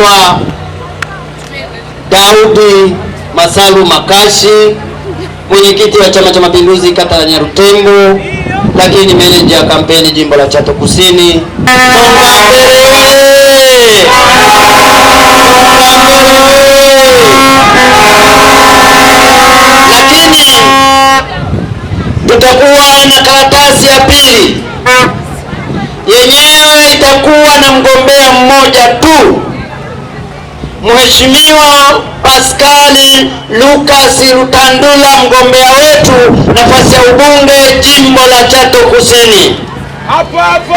Naitwa Daudi Masalu Makashi, mwenyekiti wa Chama cha Mapinduzi kata ya Nyarutembo, lakini meneja ya kampeni jimbo la Chato Kusini. Tutakuwa na karatasi ya pili, yenyewe itakuwa na mgombea mmoja tu. Mheshimiwa Paskali Lucas rutandula mgombea wetu nafasi ya ubunge jimbo la Chato Kusini. Hapo hapo.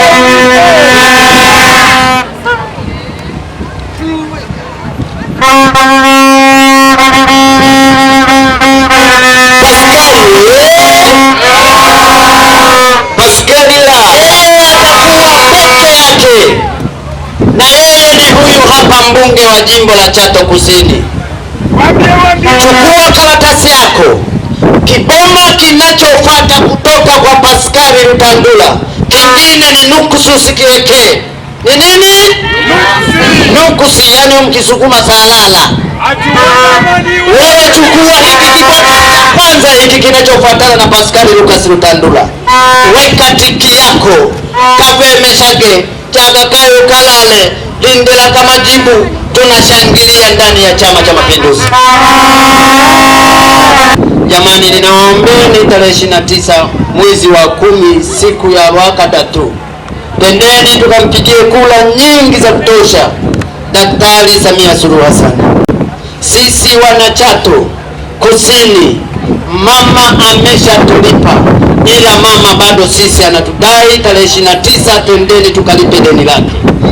jimbo la Chato Kusini, chukua karatasi yako. Kiboma kinachofuata kutoka kwa Paskari Mtandula kingine ni nukusu sikiwekee ni nini? Nukusi, yani mkisukuma salala. Wewe chukua hiki kiboma kwanza, hiki kinachofuatana na Paskari Lukas Mtandula, weka tiki yako kavemeshage chagakayo kalale lindela kama kamajibu tunashangilia ndani ya Chama cha Mapinduzi. Jamani, ninawaombeni tarehe 29 mwezi wa kumi, siku ya Wakadatu, tendeni tukampigie kula nyingi za kutosha Daktari Samia Suluhu Hassan. Sisi wanachato kusini, mama ameshatulipa, ila mama bado sisi anatudai. Tarehe 29 twendeni tukalipe deni lake.